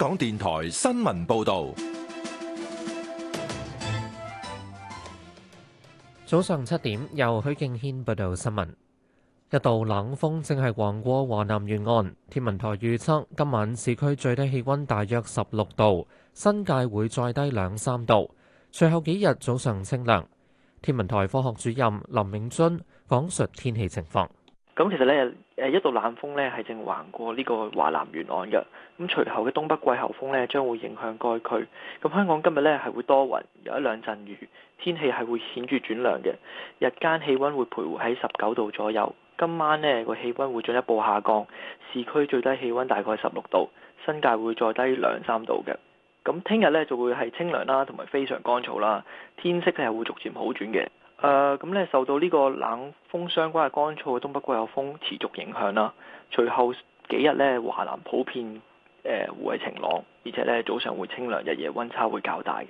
香港電台新聞報道，早上七點由許敬軒報道新聞。一道冷鋒，正係橫過華南沿岸，天文台預測今晚市區最低氣溫大約十六度，新界會再低兩三度。隨後幾日早上清涼。天文台科學主任林永尊講述天氣情況。咁其實咧。一度冷風咧係正橫過呢個華南沿岸嘅，咁隨後嘅東北季候風咧將會影響該區。咁香港今日咧係會多雲，有一兩陣雨，天氣係會顯著轉涼嘅。日間氣温會徘徊喺十九度左右，今晚呢個氣温會進一步下降，市區最低氣温大概十六度，新界會再低兩三度嘅。咁聽日呢就會係清涼啦，同埋非常乾燥啦，天色咧係會逐漸好轉嘅。誒咁咧，受到呢個冷風相關嘅乾燥嘅東北季候風持續影響啦。隨後幾日呢，華南普遍誒會係晴朗，而且呢早上會清涼，日夜温差會較大嘅。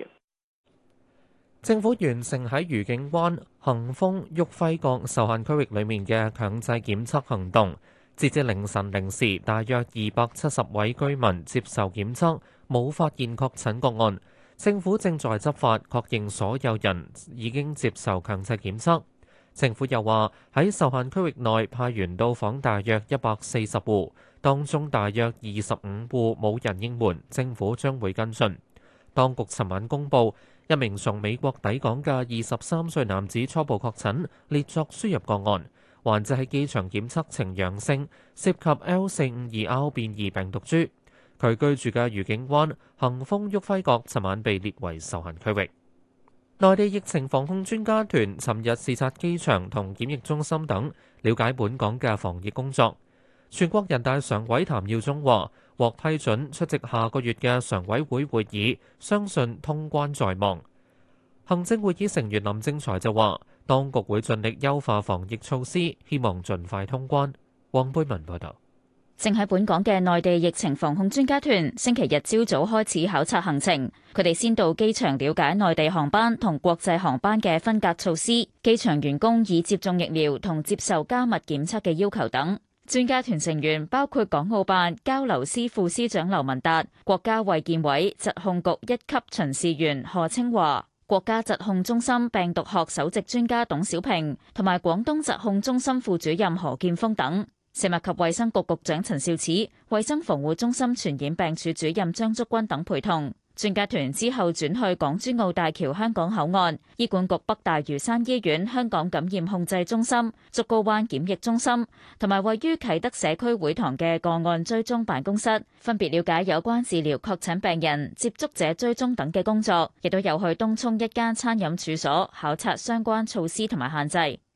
政府完成喺愉景灣、恒豐、旭輝閣受限區域裡面嘅強制檢測行動，截至凌晨零時，大約二百七十位居民接受檢測，冇發現確診個案。政府正在執法確認所有人已經接受強制檢測。政府又話喺受限區域內派員到訪大約一百四十戶，當中大約二十五戶冇人應門，政府將會跟進。當局尋晚公佈一名從美國抵港嘅二十三歲男子初步確診，列作輸入個案，患者喺機場檢測呈陽性，涉及 L 四五二 R 變異病毒株。佢居住嘅愉景灣恒豐旭輝閣，尋晚被列為受限區域。內地疫情防控專家團尋日視察機場同檢疫中心等，了解本港嘅防疫工作。全國人大常委譚耀宗話獲批准出席下個月嘅常委會會議，相信通關在望。行政會議成員林正財就話當局會盡力優化防疫措施，希望盡快通關。黃貝文報道。正喺本港嘅內地疫情防控專家團星期日朝早開始考察行程。佢哋先到機場了解內地航班同國際航班嘅分隔措施、機場員工已接種疫苗同接受加密檢測嘅要求等。專家團成員包括港澳辦交流司副司長劉文達、國家衛健委疾控局一級巡視員何清華、國家疾控中心病毒學首席專家董小平同埋廣東疾控中心副主任何建峰等。食物及衛生局局長陳肇始、衛生防護中心傳染病處主任張竹君等陪同專家團之後轉去港珠澳大橋香港口岸、醫管局北大嶼山醫院香港感染控制中心、竹篙灣檢疫中心，同埋位於啟德社區會堂嘅個案追蹤辦公室，分別了解有關治療確診病人、接觸者追蹤等嘅工作，亦都有去東涌一間餐飲處所考察相關措施同埋限制。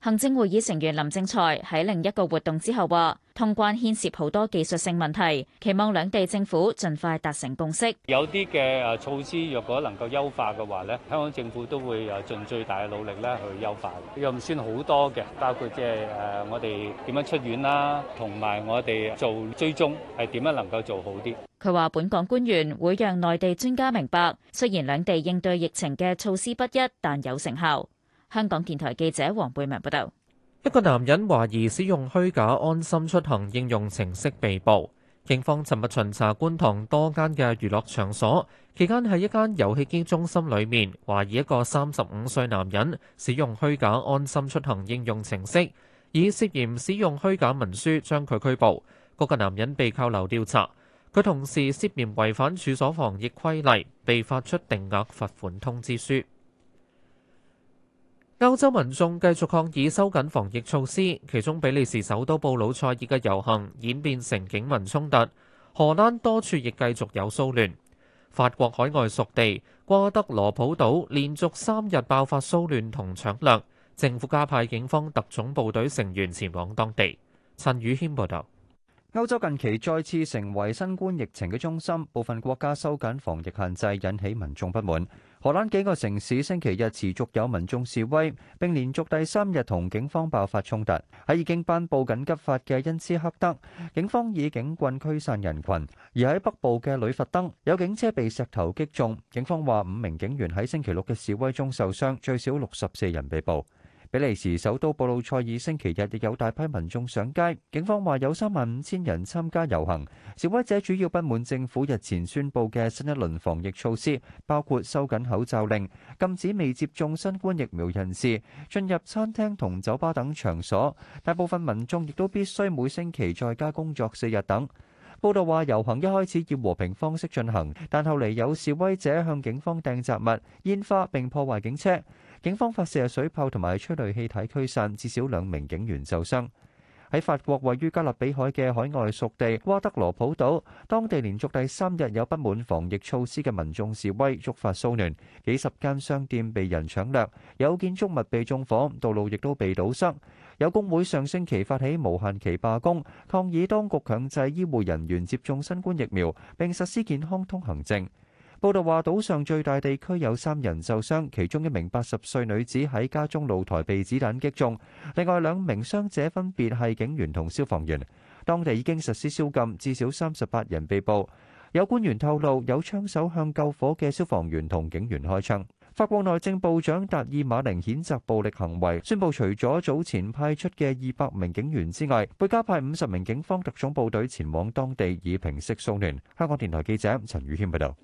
行政會議成員林正財喺另一個活動之後話：通關牽涉好多技術性問題，期望兩地政府盡快達成共識。有啲嘅誒措施，若果能夠優化嘅話呢，香港政府都會誒盡最大嘅努力咧去優化。又唔算好多嘅，包括即係誒我哋點樣出院啦，同埋我哋做追蹤係點樣能夠做好啲。佢話：本港官員會讓內地專家明白，雖然兩地應對疫情嘅措施不一，但有成效。香港電台記者黃貝文報道：一個男人懷疑使用虛假安心出行應用程式被捕，警方尋日巡查觀塘多間嘅娛樂場所，期間喺一間遊戲機中心裏面，懷疑一個三十五歲男人使用虛假安心出行應用程式，以涉嫌使用虛假文書將佢拘捕。嗰、那個男人被扣留調查，佢同時涉嫌違反處所防疫規例，被發出定額罰款通知書。歐洲民眾繼續抗議收緊防疫措施，其中比利時首都布魯塞爾嘅遊行演變成警民衝突，荷蘭多處亦繼續有騷亂。法國海外屬地瓜德羅普島連續三日爆發騷亂同搶掠，政府加派警方特種部隊成員前往當地。陳宇謙報道。歐洲近期再次成為新冠疫情嘅中心，部分國家收緊防疫限制，引起民眾不滿。荷蘭幾個城市星期日持續有民眾示威，並連續第三日同警方爆發衝突。喺已經頒布緊急法嘅恩斯赫德，警方以警棍驅散人群；而喺北部嘅呂弗登，有警車被石頭擊中。警方話五名警員喺星期六嘅示威中受傷，最少六十四人被捕。比利時首都布魯塞爾星期日亦有大批民眾上街，警方話有三萬五千人參加遊行。示威者主要不滿政府日前宣布嘅新一輪防疫措施，包括收緊口罩令、禁止未接種新冠疫苗人士進入餐廳同酒吧等場所。大部分民眾亦都必須每星期在家工作四日等。報道話遊行一開始以和平方式進行，但後嚟有示威者向警方掟雜物、煙花，並破壞警車。警方發射水炮同埋催淚氣體驅散，至少兩名警員受傷。喺法國位於加勒比海嘅海外屬地瓜德羅普島，當地連續第三日有不滿防疫措施嘅民眾示威，觸發騷亂，幾十間商店被人搶掠，有建築物被縱火，道路亦都被堵塞。有工會上星期發起無限期罷工，抗議當局強制醫護人員接種新冠疫苗，並實施健康通行證。報道話，島上最大地區有三人受傷，其中一名八十歲女子喺家中露台被子彈擊中。另外兩名傷者分別係警員同消防員。當地已經實施宵禁，至少三十八人被捕。有官員透露，有槍手向救火嘅消防員同警員開槍。法國內政部長達爾馬寧譴責暴力行為，宣布除咗早前派出嘅二百名警員之外，會加派五十名警方特種部隊前往當地以平息騷亂。香港電台記者陳宇謙報道。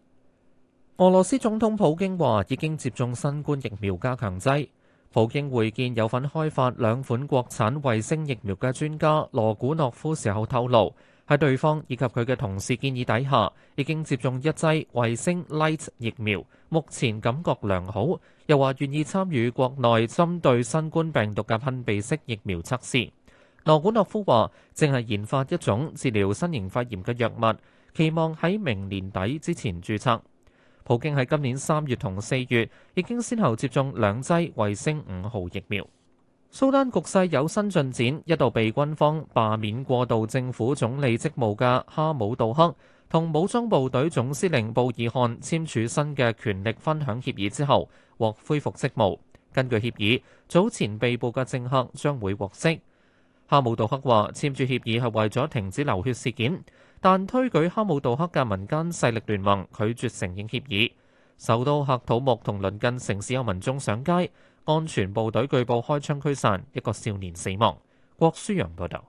俄羅斯總統普京話已經接種新冠疫苗加強劑。普京會見有份開發兩款國產衛星疫苗嘅專家羅古諾夫時候透露，喺對方以及佢嘅同事建議底下，已經接種一劑衛星 Light 疫苗，目前感覺良好。又話願意參與國內針對新冠病毒嘅噴鼻式疫苗測試。羅古諾夫話正係研發一種治療新型肺炎嘅藥物，期望喺明年底之前注冊。普京喺今年三月同四月已經先後接種兩劑衛星五號疫苗。蘇丹局勢有新進展，一度被軍方罷免過渡政府總理職務嘅哈姆杜克同武裝部隊總司令布爾漢簽署新嘅權力分享協議之後，獲恢復職務。根據協議，早前被捕嘅政客將會獲釋。哈姆杜克話：簽署協議係為咗停止流血事件。但推舉哈姆杜克嘅民間勢力聯盟拒絕承認協議，首都喀土木同鄰近城市有民眾上街，安全部隊據報開槍驅散，一個少年死亡。郭舒揚報導，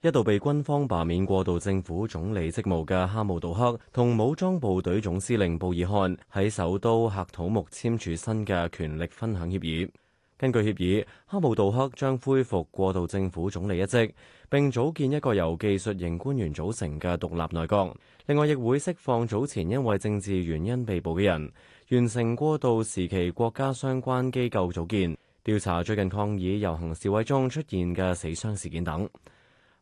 一度被軍方罷免過渡政府總理職務嘅哈姆杜克同武裝部隊總司令布爾汗喺首都喀土木簽署新嘅權力分享協議。根據協議，哈姆杜克將恢復過渡政府總理一職，並組建一個由技術型官員組成嘅獨立內閣。另外，亦會釋放早前因為政治原因被捕嘅人，完成過渡時期國家相關機構組建，調查最近抗議遊行示威中出現嘅死傷事件等。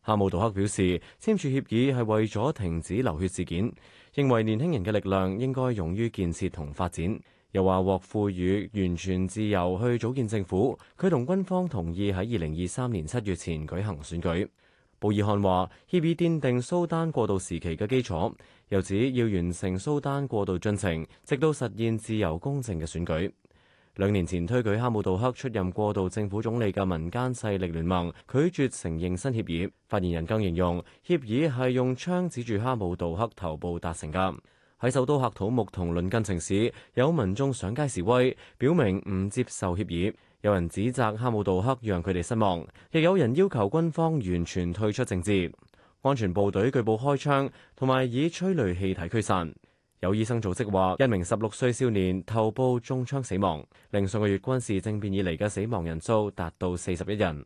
哈姆杜克表示，簽署協議係為咗停止流血事件，認為年輕人嘅力量應該用於建設同發展。又話獲賦予完全自由去組建政府，佢同軍方同意喺二零二三年七月前舉行選舉。布爾漢話協議奠定蘇丹過渡時期嘅基礎，又指要完成蘇丹過渡進程，直到實現自由公正嘅選舉。兩年前推舉哈姆杜克出任過渡政府總理嘅民間勢力聯盟拒絕承認新協議。發言人更形容協議係用槍指住哈姆杜克頭部達成㗎。喺首都赫土木同鄰近城市，有民眾上街示威，表明唔接受協議。有人指責哈姆道克讓佢哋失望，亦有人要求軍方完全退出政治。安全部隊據報開槍，同埋以催淚氣體驅散。有醫生組織話，一名十六歲少年頭部中槍死亡，令上個月軍事政變以嚟嘅死亡人數達到四十一人。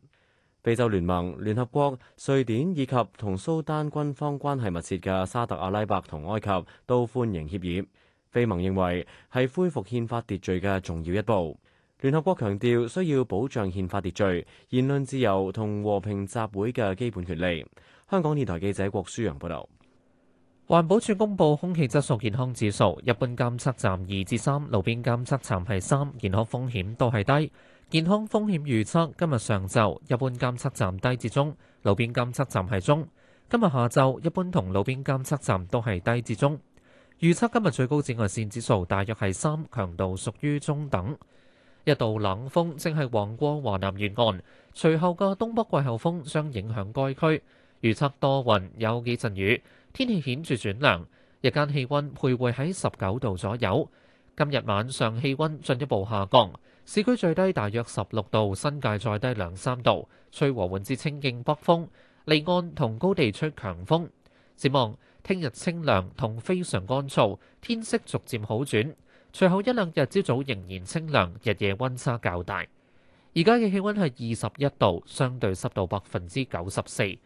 非洲聯盟、聯合國、瑞典以及同蘇丹軍方關係密切嘅沙特阿拉伯同埃及都歡迎協議。非盟認為係恢復憲法秩序嘅重要一步。聯合國強調需要保障憲法秩序、言論自由同和和平集會嘅基本權利。香港電台記者郭舒揚報道。環保署公布空氣質素健康指數，一般監測站二至三，路邊監測站係三，健康風險都係低。健康風險預測今日上晝，一般監測站低至中，路邊監測站係中。今日下晝，一般同路邊監測站都係低至中。預測今日最高紫外線指數大約係三，強度屬於中等。一道冷風正係橫過華南沿岸，隨後嘅東北季候風將影響該區。預測多雲，有幾陣雨，天氣顯著轉涼。日間氣溫徘徊喺十九度左右。今日晚上氣溫進一步下降。市區最低大約十六度，新界再低兩三度，吹和緩至清勁北風，離岸同高地吹強風。展望聽日清涼同非常乾燥，天色逐漸好轉，隨後一兩日朝早仍然清涼，日夜溫差較大。而家嘅氣溫係二十一度，相對濕度百分之九十四。